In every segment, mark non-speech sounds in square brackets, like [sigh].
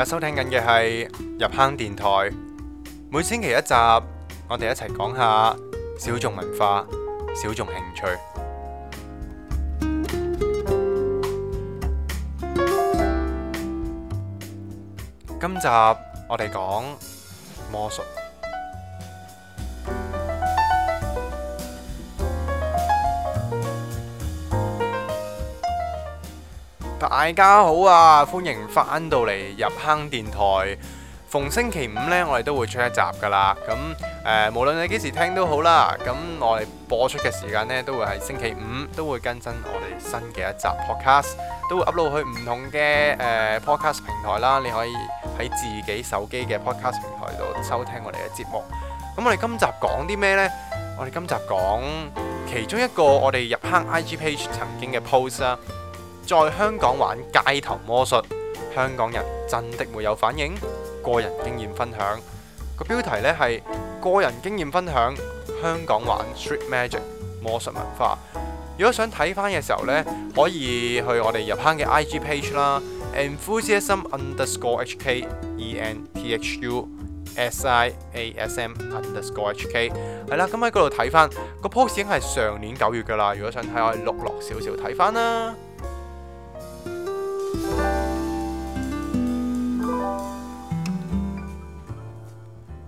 而家收聽緊嘅係入坑電台，每星期一集，我哋一齊講下小眾文化、小眾興趣。今集我哋講魔術。大家好啊！歡迎翻到嚟入坑電台。逢星期五呢，我哋都會出一集噶啦。咁誒、呃，無論你幾時聽都好啦。咁我哋播出嘅時間呢，都會係星期五，都會更新我哋新嘅一集 podcast，都會 upload 去唔同嘅誒、呃、podcast 平台啦。你可以喺自己手機嘅 podcast 平台度收聽我哋嘅節目。咁我哋今集講啲咩呢？我哋今集講其中一個我哋入坑 IG page 曾經嘅 post 啦。在香港玩街頭魔術，香港人真的沒有反應？個人經驗分享，個標題呢，係個人經驗分享，香港玩 street magic 魔術文化。如果想睇返嘅時候呢，可以去我哋入坑嘅 IG page 啦，enthusiasm_underscore_hk，e n t h u s i a [noise] s m_underscore_hk。係 [noise] [noise] 啦，咁喺嗰度睇返個 post 已經係上年九月㗎啦。如果想睇，可以落落少少睇返啦。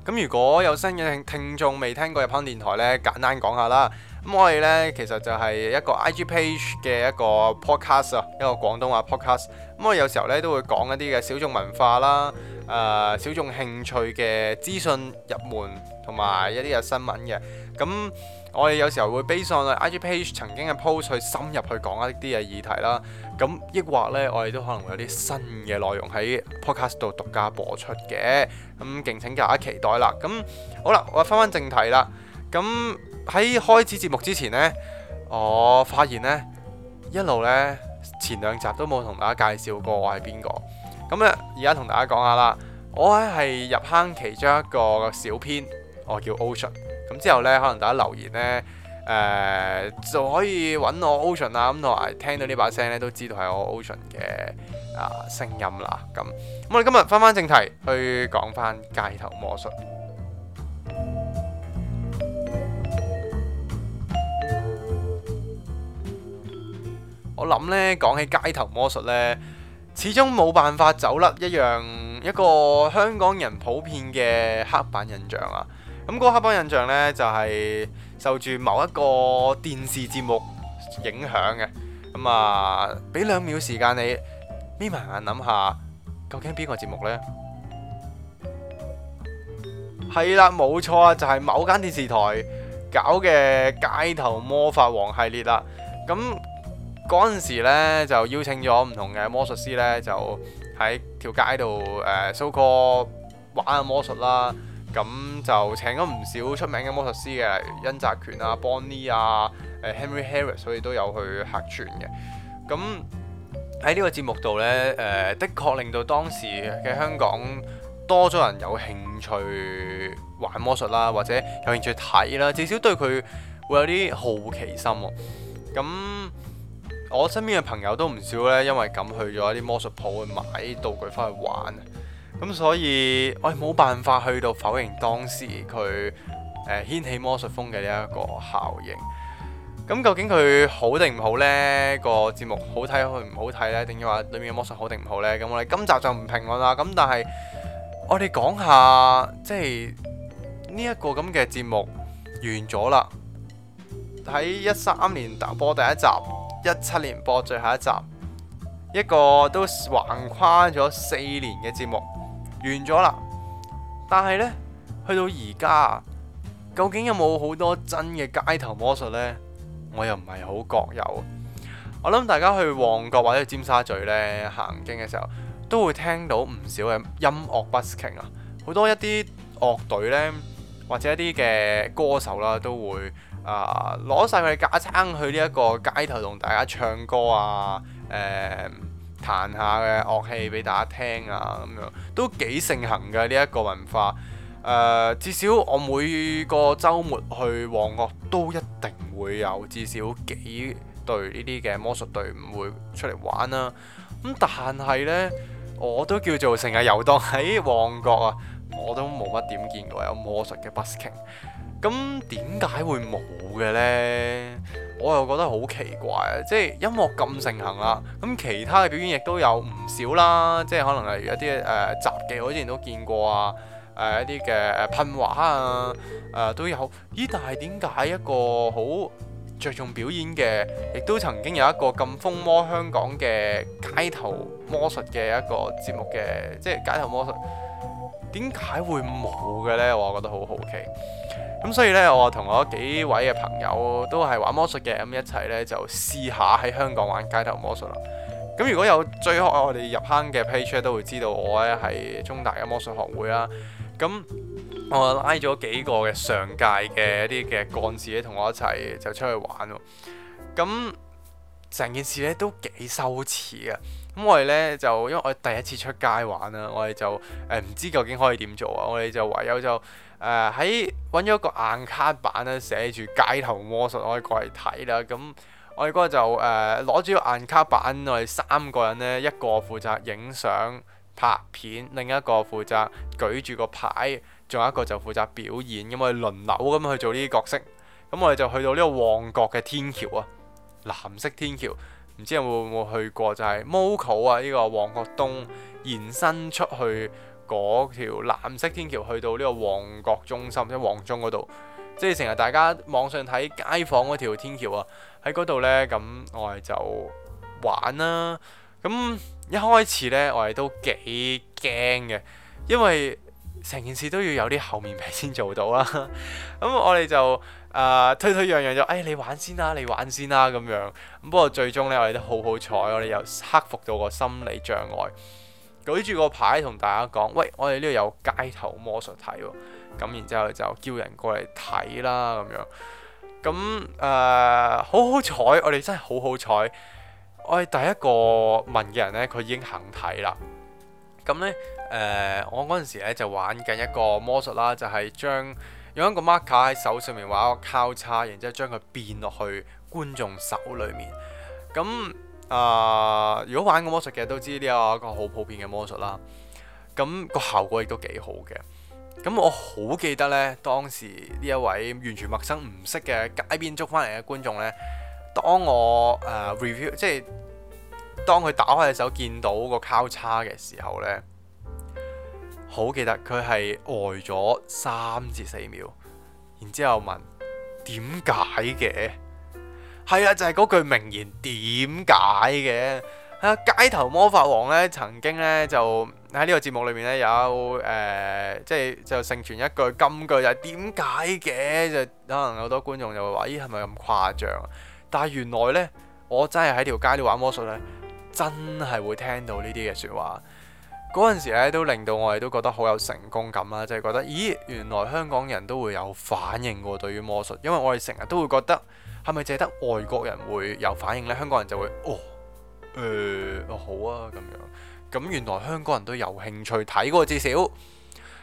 咁如果有新嘅聽眾未聽過入坑電台呢，簡單講下啦。咁我哋呢，其實就係一個 IG page 嘅一個 podcast 啊，一個廣東話 podcast。咁我有時候呢，都會講一啲嘅小眾文化啦，誒、呃，小眾興趣嘅資訊入門同埋一啲嘅新聞嘅。咁我哋有時候會 based on IG Page 曾經嘅 post 去深入去講一啲嘅議題啦。咁，抑或呢，我哋都可能會有啲新嘅內容喺 Podcast 度獨家播出嘅。咁，敬請大家期待啦。咁好啦，我翻翻正題啦。咁喺開始節目之前呢，我發現呢一路呢，前兩集都冇同大家介紹過我係邊個。咁呢，而家同大家講下啦，我咧係入坑其中一個小編，我叫 Ocean。咁之後呢，可能大家留言呢，誒、呃、就可以揾我 Ocean 啦。咁同埋聽到呢把聲呢，都知道係我 Ocean 嘅啊聲、呃、音啦。咁，我哋今日翻翻正題，去講翻街頭魔術。 [music] 我諗呢講起街頭魔術呢，始終冇辦法走甩一樣一個香港人普遍嘅刻板印象啊。咁嗰刻嗰印象呢，就係受住某一個電視節目影響嘅，咁啊俾兩秒時間你眯埋眼諗下，究竟邊個節目呢？係啦，冇錯啊，就係某間電視台搞嘅《街頭魔法王》系列啦。咁嗰陣時呢就邀請咗唔同嘅魔術師呢，就喺條街度誒 so call 玩下魔術啦。咁就請咗唔少出名嘅魔術師嘅，例如甄澤權啊、邦尼啊，啊、Henry Harris，佢哋都有去客串嘅。咁喺呢個節目度呢，誒、呃、的確令到當時嘅香港多咗人有興趣玩魔術啦，或者有興趣睇啦，至少對佢會有啲好奇心，喔。咁我身邊嘅朋友都唔少呢，因為咁去咗一啲魔術鋪去買道具翻去玩。咁所以，我，冇辦法去到否認當時佢誒、呃、掀起魔術風嘅呢一個效應。咁究竟佢好定唔好呢？個節目好睇好唔好睇呢？定要話裏面嘅魔術好定唔好呢？咁我哋今集就唔評論啦。咁但係我哋講下，即係呢一個咁嘅節目完咗啦。喺一三年播第一集，一七年播最後一集，一個都橫跨咗四年嘅節目。完咗啦！但係呢，去到而家，究竟有冇好多真嘅街頭魔術呢？我又唔係好覺有。我諗大家去旺角或者尖沙咀呢，行經嘅時候，都會聽到唔少嘅音樂 busking 啊，好多一啲樂隊呢，或者一啲嘅歌手啦，都會啊攞晒佢哋架撐去呢一個街頭同大家唱歌啊，誒、呃、～彈下嘅樂器俾大家聽啊，咁樣都幾盛行嘅呢一個文化。誒、呃，至少我每個週末去旺角都一定會有至少幾隊呢啲嘅魔術隊伍會出嚟玩啦、啊。咁但係呢，我都叫做成日遊蕩喺旺角啊，我都冇乜點見過有魔術嘅 busking。咁點解會冇嘅呢？我又覺得好奇怪啊！即係音樂咁盛行啦，咁其他嘅表演亦都有唔少啦。即係可能係一啲誒、呃、雜技，我之前都見過、呃、啊。誒一啲嘅噴畫啊，誒都有。咦？但係點解一個好着重表演嘅，亦都曾經有一個咁風魔香港嘅街頭魔術嘅一個節目嘅，即係街頭魔術點解會冇嘅呢？我覺得好好奇。咁所以呢，我同我幾位嘅朋友都係玩魔術嘅，咁一齊呢就試下喺香港玩街頭魔術啦。咁如果有追開我哋入坑嘅 page 都會知道我呢係中大嘅魔術學會啦。咁我拉咗幾個嘅上屆嘅一啲嘅幹事咧，同我一齊就出去玩咯。咁成件事呢都幾羞恥嘅，因為呢就因為我第一次出街玩啦，我哋就誒唔、呃、知究竟可以點做啊，我哋就唯有就～誒喺揾咗個硬卡板咧，寫住《街頭魔術》可以過嚟睇啦。咁我哋就誒攞住個硬卡板，我哋三個人呢，一個負責影相拍片，另一個負責舉住個牌，仲有一個就負責表演。咁我哋輪流咁去做呢啲角色。咁我哋就去到呢個旺角嘅天橋啊，藍色天橋，唔知有冇冇去過？就係 MOKO 啊，呢、呢個旺角東延伸出去。嗰條藍色天橋去到呢個旺角中心，即係旺中嗰度，即係成日大家網上睇街訪嗰條天橋啊，喺嗰度呢，咁我哋就玩啦。咁一開始呢，我哋都幾驚嘅，因為成件事都要有啲厚面皮先做到啦。咁我哋就誒、呃、推推讓讓就誒、哎、你玩先啦，你玩先啦咁樣。咁不過最終呢，我哋都好好彩，我哋又克服到個心理障礙。舉住個牌同大家講：喂，我哋呢度有街頭魔術睇喎、哦，咁然之後就叫人過嚟睇啦咁樣。咁誒，好好彩，我哋真係好好彩，我哋第一個問嘅人呢，佢已經肯睇啦。咁呢，誒、呃，我嗰陣時呢就玩緊一個魔術啦，就係、是、將用一個 marker 喺手上面畫一個交叉，然之後將佢變落去觀眾手裡面，咁。啊！Uh, 如果玩過魔術嘅都知呢個好普遍嘅魔術啦，咁個效果亦都幾好嘅。咁我好記得呢當時呢一位完全陌生唔識嘅街邊捉翻嚟嘅觀眾呢，當我誒、uh, 即係當佢打開嘅時候，見到個交叉嘅時候呢，好記得佢係呆咗三至四秒，然之後問點解嘅？係啊，就係、是、嗰句名言，點解嘅？啊，街頭魔法王呢曾經呢，就喺呢個節目裏面呢，有、呃、誒、即、就、係、是、就盛傳一句金句就係點解嘅？就可能好多觀眾就會話，咦，係咪咁誇張？但係原來呢，我真係喺條街度玩魔術呢，真係會聽到呢啲嘅說話。嗰陣時呢，都令到我哋都覺得好有成功感啦，即、就、係、是、覺得咦，原來香港人都會有反應嘅對於魔術，因為我哋成日都會覺得。係咪淨係得外國人會有反應呢？香港人就會哦，誒、呃，好啊咁樣。咁原來香港人都有興趣睇過至少。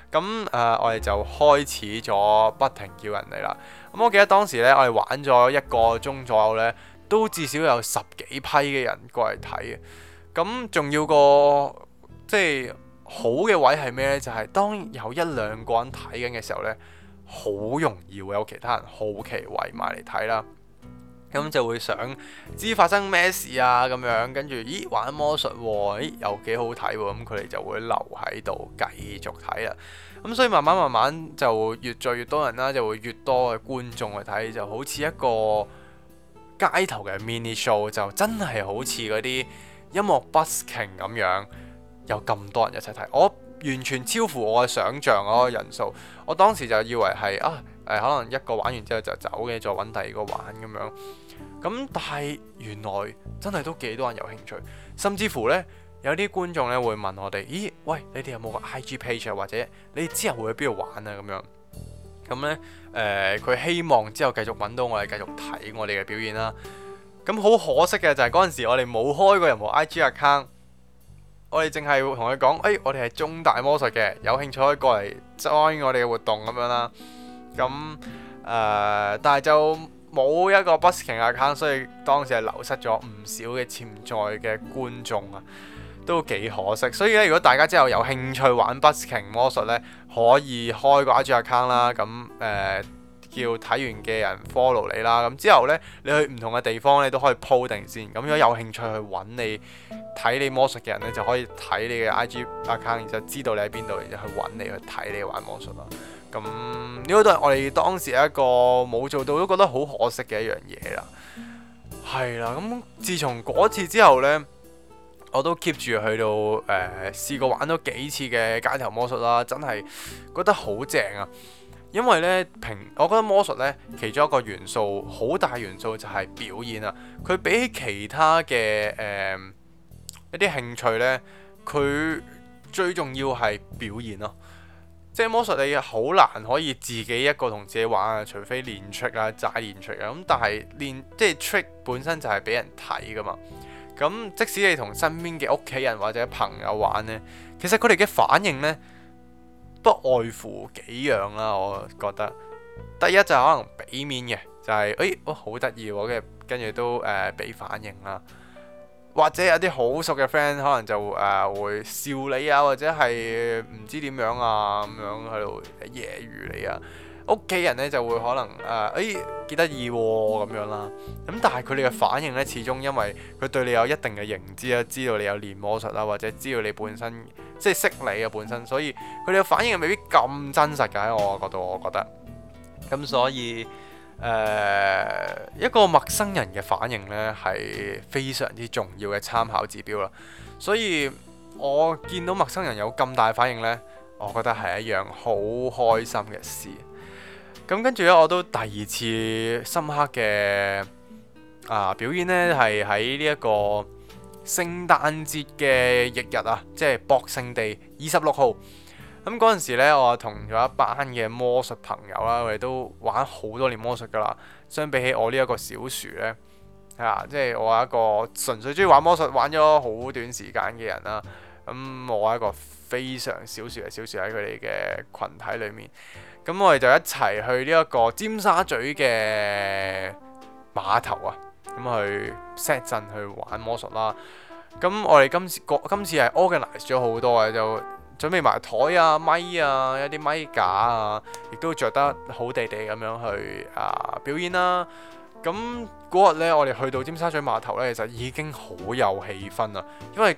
咁誒、呃，我哋就開始咗不停叫人嚟啦。咁我記得當時呢，我哋玩咗一個鐘左右呢，都至少有十幾批嘅人過嚟睇嘅。咁仲要個即係好嘅位係咩呢？就係、是、當有一兩個人睇緊嘅時候呢，好容易會有其他人好奇圍埋嚟睇啦。咁就會想知發生咩事啊，咁樣，跟住咦，玩魔術喎、啊，咦又幾好睇喎、啊，咁佢哋就會留喺度繼續睇啦、啊。咁所以慢慢慢慢就越聚越多人啦、啊，就會越多嘅觀眾去睇，就好似一個街頭嘅 mini show，就真係好似嗰啲音樂 busking 咁樣，有咁多人一齊睇，我完全超乎我嘅想象嗰個人數。我當時就以為係啊～誒可能一個玩完之後就走嘅，再揾第二個玩咁樣。咁但係原來真係都幾多人有興趣，甚至乎呢，有啲觀眾呢會問我哋：咦，喂，你哋有冇個 I G page 啊？或者你哋之後會去邊度玩啊？咁樣咁呢，誒、呃，佢希望之後繼續揾到我哋繼續睇我哋嘅表演啦。咁好可惜嘅就係嗰陣時我哋冇開過任何 I G account，我哋淨係會同佢講：誒、哎，我哋係中大魔術嘅，有興趣可以過嚟 join 我哋嘅活動咁樣啦。咁誒、呃，但係就冇一個 Busking account，所以當時係流失咗唔少嘅潛在嘅觀眾啊，都幾可惜。所以咧，如果大家之後有興趣玩 Busking 魔術咧，可以開個 IG account 啦。咁誒、呃，叫睇完嘅人 follow 你啦。咁之後咧，你去唔同嘅地方你都可以 po 定先。咁如果有興趣去揾你睇你魔術嘅人咧，就可以睇你嘅 IG account，就知道你喺邊度，然後去揾你去睇你玩魔術啦。咁呢個都係我哋當時一個冇做到，都覺得好可惜嘅一樣嘢啦。係啦，咁、嗯、自從嗰次之後呢，我都 keep 住去到誒、呃，試過玩咗幾次嘅街頭魔術啦，真係覺得好正啊！因為呢，平我覺得魔術呢，其中一個元素，好大元素就係表演啊。佢比起其他嘅誒、呃、一啲興趣呢，佢最重要係表演咯、啊。即係魔術，你好難可以自己一個同自己玩啊，除非練出啦，齋練出啊。咁但係練即係出本身就係俾人睇噶嘛。咁即使你同身邊嘅屋企人或者朋友玩呢，其實佢哋嘅反應呢，不外乎幾樣啦。我覺得第一就可能俾面嘅，就係誒好得意，跟住跟住，都誒俾，呃、反應啦。或者有啲好熟嘅 friend 可能就誒、呃、會笑你啊，或者係唔知點樣啊咁樣喺度揶揄你啊。屋企人呢就會可能誒，哎幾得意喎咁樣啦，啊。咁但係佢哋嘅反應呢，始終因為佢對你有一定嘅認知啊，知道你有練魔術啊，或者知道你本身即係識你嘅本身，所以佢哋嘅反應未必咁真實嘅。喺我嘅角度，我覺得咁所以。誒、uh, 一個陌生人嘅反應呢，係非常之重要嘅參考指標啦。所以我見到陌生人有咁大反應呢，我覺得係一樣好開心嘅事。咁跟住呢，我都第二次深刻嘅啊表演呢，係喺呢一個聖誕節嘅翌日啊，即係 Boxing Day 二十六號。咁嗰陣時呢，我同咗一班嘅魔術朋友啦，我哋都玩好多年魔術噶啦。相比起我呢一個小薯呢，啊，即係我係一個純粹中意玩魔術，玩咗好短時間嘅人啦。咁我係一個非常小薯嘅小薯喺佢哋嘅群體裏面。咁我哋就一齊去呢一個尖沙咀嘅碼頭啊，咁去 set 陣去玩魔術啦。咁我哋今次今次係 organize 咗好多嘅就。準備埋台啊、咪啊、一啲咪架啊，亦都着得好地地咁樣去啊、呃、表演啦。咁嗰日呢，我哋去到尖沙咀碼頭呢，其實已經好有氣氛啦，因為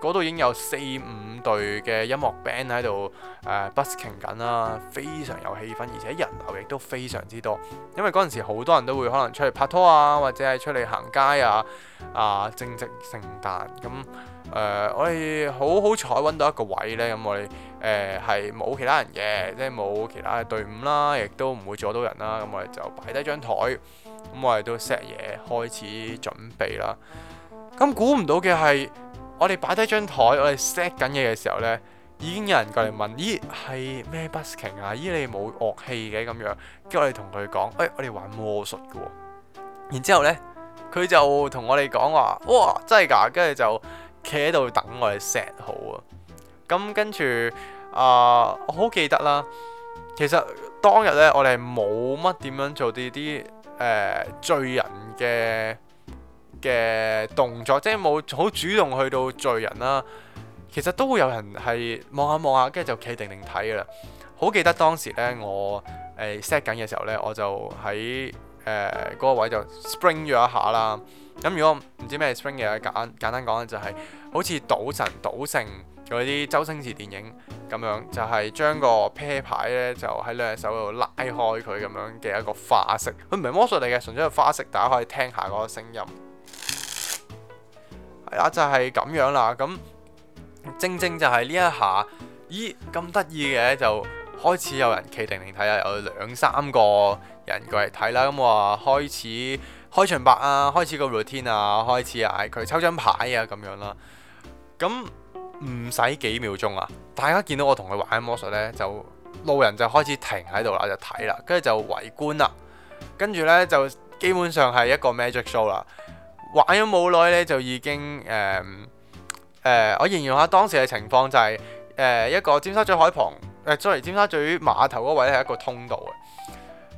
嗰度已經有四五隊嘅音樂 band 喺度誒、呃、busking 緊啦，非常有氣氛，而且人流亦都非常之多，因為嗰陣時好多人都會可能出嚟拍拖啊，或者係出嚟行街啊。啊、呃，正值聖誕咁。誒、呃，我哋好好彩搵到一個位呢。咁我哋誒係冇其他人嘅，即係冇其他嘅隊伍啦，亦都唔會阻到人啦。咁我哋就擺低張台，咁我哋都 set 嘢，開始準備啦。咁估唔到嘅係，我哋擺低張台，我哋 set 緊嘢嘅時候呢，已經有人過嚟問：咦，係咩 busking 啊？咦，你冇樂器嘅咁樣？跟住我哋同佢講：誒、欸，我哋玩魔術嘅喎、哦。然之後呢，佢就同我哋講話：哇，真係㗎！跟住就。企喺度等我哋 set 好啊，咁跟住啊、呃，我好記得啦。其實當日呢，我哋冇乜點樣做呢啲誒聚人嘅嘅動作，即係冇好主動去到聚人啦。其實都會有人係望下望下，跟住就企定定睇啦。好記得當時呢，我誒 set 緊嘅時候呢，我就喺誒嗰個位就 spring 咗一下啦。咁如果唔知咩係 spring 嘅嘢，簡簡單講就係好似賭神賭聖嗰啲周星馳電影咁樣，就係將個 pair 牌呢，就喺兩隻手度拉開佢咁樣嘅一個花式，佢唔係魔術嚟嘅，純粹係花式，大家可以聽下個聲音。係啊，就係咁樣啦。咁正正就係呢一下，咦咁得意嘅就開始有人企定定睇下，有兩三個人過嚟睇啦。咁我話開始。開場白啊，開始個 routine 啊，開始啊，佢抽張牌啊，咁樣啦。咁唔使幾秒鐘啊，大家見到我同佢玩緊魔術呢，就路人就開始停喺度啦，就睇啦，跟住就圍觀啦。跟住呢，就基本上係一個 magic show 啦。玩咗冇耐呢，就已經誒誒、呃呃，我形容下當時嘅情況就係、是、誒、呃、一個尖沙咀海旁誒，再、呃、嚟尖沙咀碼頭嗰位咧係一個通道嘅。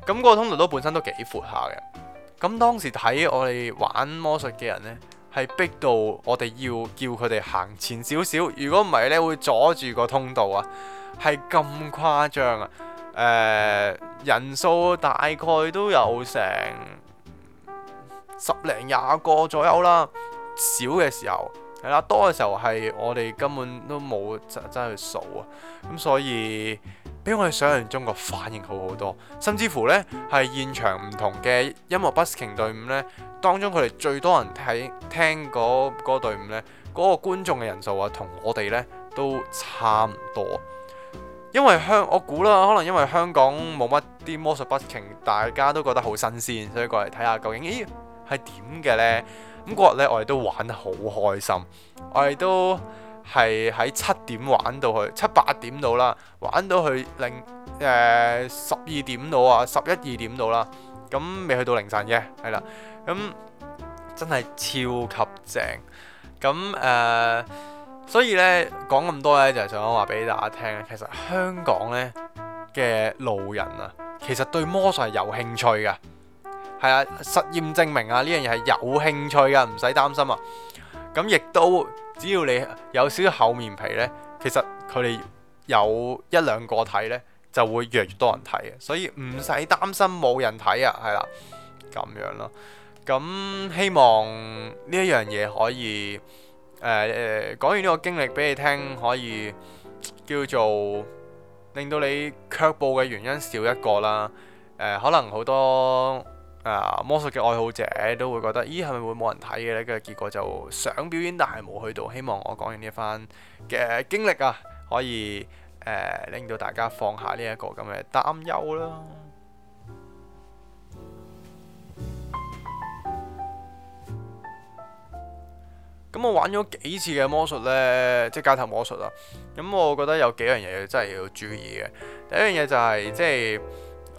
咁、那個通道都本身都幾闊下嘅。咁當時睇我哋玩魔術嘅人呢，係逼到我哋要叫佢哋行前少少，如果唔係呢會阻住個通道啊，係咁誇張啊！呃，人數大概都有成十零廿個左右啦，少嘅時候係啦，多嘅時候係我哋根本都冇真真去數啊，咁所以。比我哋想象中個反應好好多，甚至乎呢係現場唔同嘅音樂 busking 隊伍呢。當中佢哋最多人睇聽嗰、嗰、嗰、個、嗰個、隊伍呢，嗰、嗰個觀眾嘅人數啊，同我哋呢都差唔多。因為香我估啦，可能因為香港冇乜啲魔術 busking，大家都覺得好新鮮，所以過嚟睇下究竟咦係點嘅呢。咁嗰日呢，我哋都玩得好開心，我哋都。係喺七點玩到去七八點到啦，玩到去零誒十二點到啊，十一二點到啦，咁未去到凌晨嘅係啦，咁真係超級正咁誒，所以呢講咁多呢，就係想話俾大家聽，其實香港呢嘅路人啊，其實對魔術係有興趣㗎，係啊，實驗證明啊，呢樣嘢係有興趣㗎，唔使擔心啊，咁亦都。只要你有少少厚面皮呢，其實佢哋有一兩個睇呢，就會越嚟越多人睇嘅，所以唔使擔心冇人睇啊，係啦，咁樣咯。咁希望呢一樣嘢可以誒、呃、講完呢個經歷俾你聽，可以叫做令到你卻步嘅原因少一個啦。呃、可能好多。啊，魔術嘅愛好者都會覺得，咦，係咪會冇人睇嘅呢？跟住結果就想表演，但係冇去到。希望我講完呢一番嘅經歷啊，可以誒、呃、令到大家放下呢、這、一個咁嘅擔憂啦。咁 [music] 我玩咗幾次嘅魔術呢，即係街頭魔術啊。咁我覺得有幾樣嘢真係要注意嘅。第一樣嘢就係、是、即係。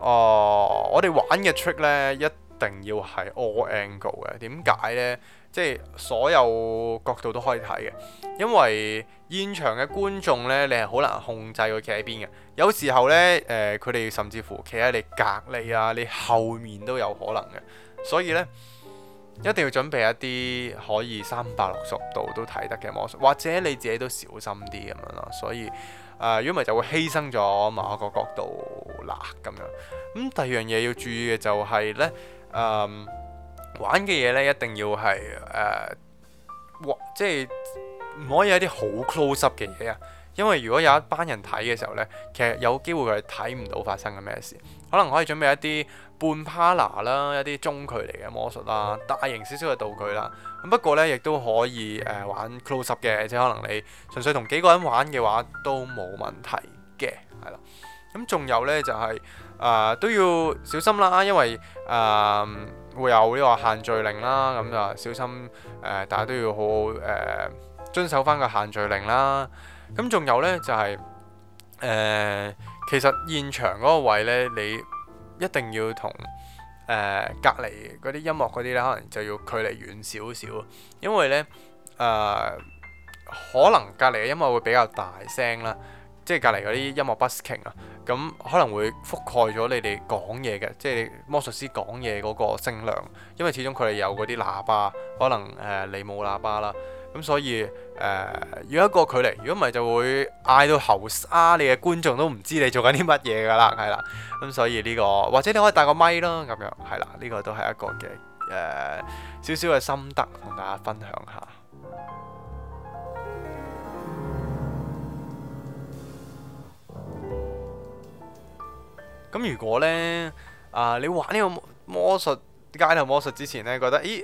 哦，uh, 我哋玩嘅 trick 咧一定要係 all angle 嘅，點解呢？即係所有角度都可以睇嘅，因為現場嘅觀眾呢，你係好難控制佢企喺邊嘅。有時候呢，誒佢哋甚至乎企喺你隔離啊、你後面都有可能嘅，所以呢，一定要準備一啲可以三百六十度都睇得嘅魔術，或者你自己都小心啲咁樣咯，所以。誒，如果唔係就會犧牲咗某一個角度啦，咁樣。咁第二樣嘢要注意嘅就係咧，誒、呃，玩嘅嘢咧一定要係誒、呃，即係唔可以有一啲好 close 嘅嘢啊。因為如果有一班人睇嘅時候咧，其實有機會佢睇唔到發生緊咩事，可能可以準備一啲。半 partner 啦，一啲中距離嘅魔術啦，大型少少嘅道具啦。咁不過呢，亦都可以誒、呃、玩 closeup 嘅，即可能你純粹同幾個人玩嘅話，都冇問題嘅，係啦。咁仲有呢，就係、是、誒、呃、都要小心啦，因為誒、呃、會有呢個限聚令啦，咁就小心誒、呃，大家都要好好誒、呃、遵守翻個限聚令啦。咁仲有呢，就係、是、誒、呃，其實現場嗰個位呢，你。一定要同誒、呃、隔離嗰啲音樂嗰啲咧，可能就要距離遠少少，因為呢，誒、呃、可能隔離嘅音樂會比較大聲啦，即係隔離嗰啲音樂 busking 啊，咁可能會覆蓋咗你哋講嘢嘅，即係魔術師講嘢嗰個聲量，因為始終佢哋有嗰啲喇叭，可能誒、呃、你冇喇叭啦。咁所以誒要、呃、一個距離，如果唔係就會嗌到喉沙，你嘅觀眾都唔知你做緊啲乜嘢噶啦，係啦。咁所以呢、呢個或者你可以帶個咪咯，咁樣係啦。呢、呢個都係一個嘅誒少少嘅心得，同大家分享下。咁 [music] 如果呢，啊、呃，你玩呢個魔術街頭魔術之前呢，覺得咦？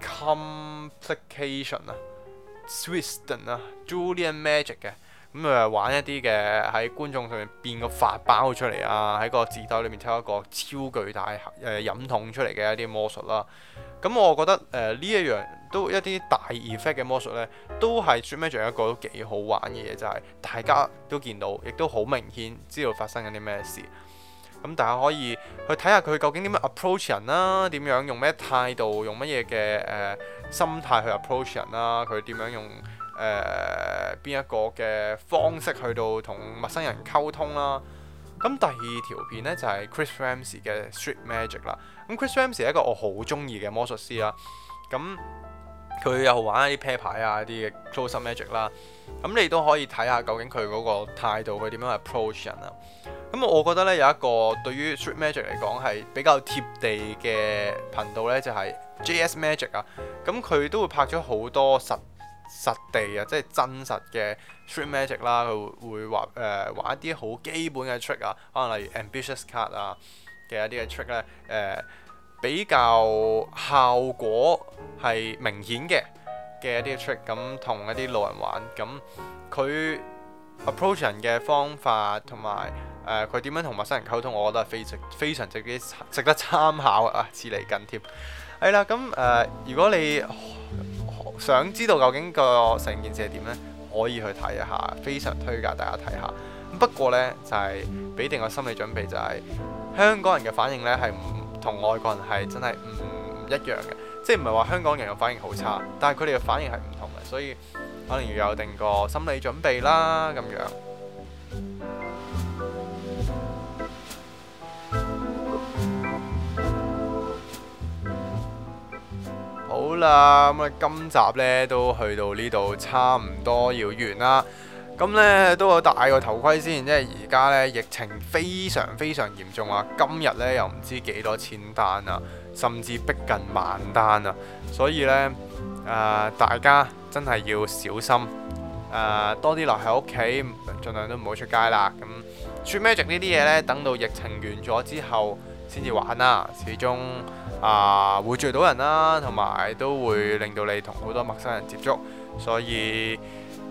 Complication 啊，Swiston 啊，Julian Magic 嘅、嗯，咁佢玩一啲嘅喺觀眾上面變個法包出嚟啊，喺個紙袋裏面抽一個超巨大誒、呃、飲筒出嚟嘅一啲魔術啦、啊。咁、嗯、我覺得誒呢、呃、一樣都一啲大 effect 嘅魔術呢，都係 Julian Magic 一個都幾好玩嘅嘢，就係、是、大家都見到，亦都好明顯知道發生緊啲咩事。咁大家可以去睇下佢究竟點樣 approach 人啦、啊，點樣用咩態度，用乜嘢嘅誒心態去 approach 人啦、啊，佢點樣用誒邊、呃、一個嘅方式去到同陌生人溝通啦、啊。咁第二條片呢，就係、是、Chris Ramsey 嘅 Street Magic 啦。咁 Chris Ramsey 係一個我好中意嘅魔術師啦、啊。咁佢有玩一啲啤牌啊，一啲嘅 close magic 啦，咁你都可以睇下究竟佢嗰個態度佢點樣 approach 人啊。咁我覺得呢，有一個對於 street magic 嚟講，係比較貼地嘅頻道呢，就係、是、JS magic 啊。咁佢都會拍咗好多實實地啊，即係真實嘅 street magic 啦。佢會話誒，玩一啲好基本嘅 trick 啊，可能例如 ambitious card 啊嘅一啲嘅 trick 呢、呃、誒。比較效果係明顯嘅嘅一啲嘅 trick 咁同一啲老人玩咁，佢 approach 人嘅方法同埋誒佢點樣同陌生人溝通，我覺得係非常非常值得參考啊，切離近貼係啦。咁 [laughs] 誒、呃，如果你、呃、想知道究竟個成件事係點呢，可以去睇一下，非常推介大家睇下。不過呢，就係、係、俾定個心理準備、就係，就係香港人嘅反應呢係唔～同外國人係真係唔一樣嘅，即係唔係話香港人嘅反應好差，但係佢哋嘅反應係唔同嘅，所以可能要有定個心理準備啦。咁樣 [music] 好啦，咁、嗯、啊今集呢都去到呢度差唔多要完啦。咁呢，都有戴個頭盔先，因為而家呢，疫情非常非常嚴重啊！今日呢，又唔知幾多千單啊，甚至逼近萬單啊！所以呢，呃、大家真係要小心，呃、多啲留喺屋企，盡量都唔好出街啦。咁 Magic 呢啲嘢呢，等到疫情完咗之後先至玩啦。始終啊、呃、會聚到人啦，同埋都會令到你同好多陌生人接觸，所以。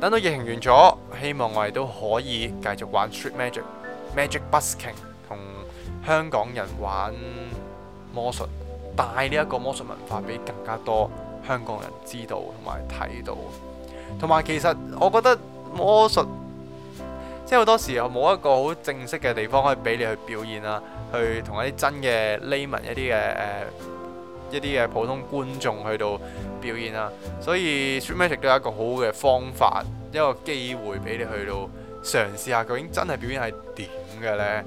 等到疫情完咗，希望我哋都可以繼續玩 Street Magic、Magic Busking，同香港人玩魔術，帶呢一個魔術文化俾更加多香港人知道同埋睇到。同埋其實我覺得魔術，即係好多時候冇一個好正式嘅地方可以俾你去表現啊，去同一啲真嘅 layman 一啲嘅一啲嘅普通觀眾去到表演啦，啊，所以 Street magic 都有一個好嘅方法，一個機會俾你去到嘗試下究竟真係表演係點嘅呢。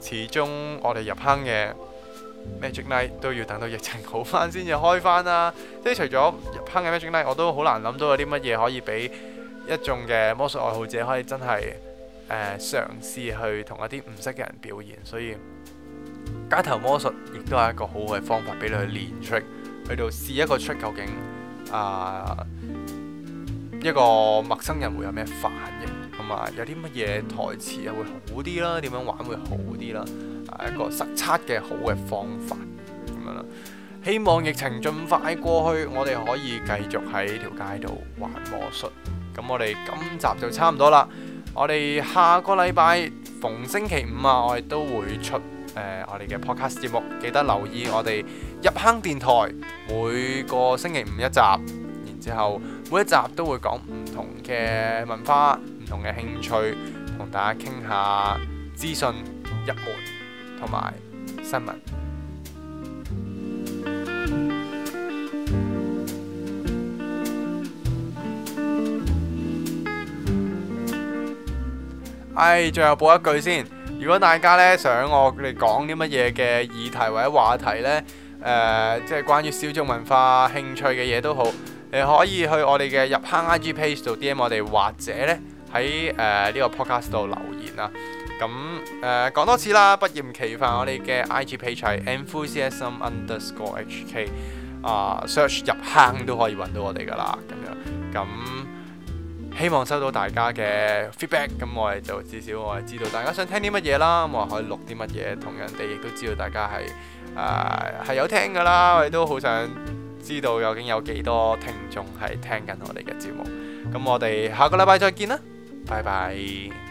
始終我哋入坑嘅 magic night 都要等到疫情好翻先至開翻啦。即係除咗入坑嘅 magic night，我都好難諗到有啲乜嘢可以俾一眾嘅魔術愛好者可以真係誒嘗試去同一啲唔識嘅人表演，所以，街頭魔術亦都係一個好嘅方法，俾你練 trick，去練出去到試一個出究竟啊一個陌生人會有咩反應，同埋有啲乜嘢台詞啊會好啲啦，點樣玩會好啲啦，係、啊、一個實測嘅好嘅方法咁樣啦。希望疫情盡快過去，我哋可以繼續喺條街度玩魔術。咁我哋今集就差唔多啦，我哋下個禮拜逢星期五啊，我哋都會出。誒，uh, 我哋嘅 podcast 節目，記得留意我哋入坑電台，每個星期五一集，然之後每一集都會講唔同嘅文化、唔同嘅興趣，同大家傾下資訊、入門同埋新聞。唉、哎，最後補一句先。如果大家咧想我哋講啲乜嘢嘅議題或者話題咧，誒、呃，即係關於小眾文化興趣嘅嘢都好，你可以去我哋嘅入坑 IG page 度 DM 我哋，或者咧喺誒呢個 podcast 度留言啦。咁誒、呃、講多次啦，不厭其煩，我哋嘅 IG page 係 Enthusiasm_Underscore_HK，啊、呃、search 入坑都可以揾到我哋噶啦，咁樣咁。希望收到大家嘅 feedback，咁我哋就至少我哋知道大家想聽啲乜嘢啦，咁我哋可以錄啲乜嘢，同樣地亦都知道大家係誒係有聽噶啦，我哋都好想知道究竟有幾多聽眾係聽緊我哋嘅節目，咁我哋下個禮拜再見啦，拜拜。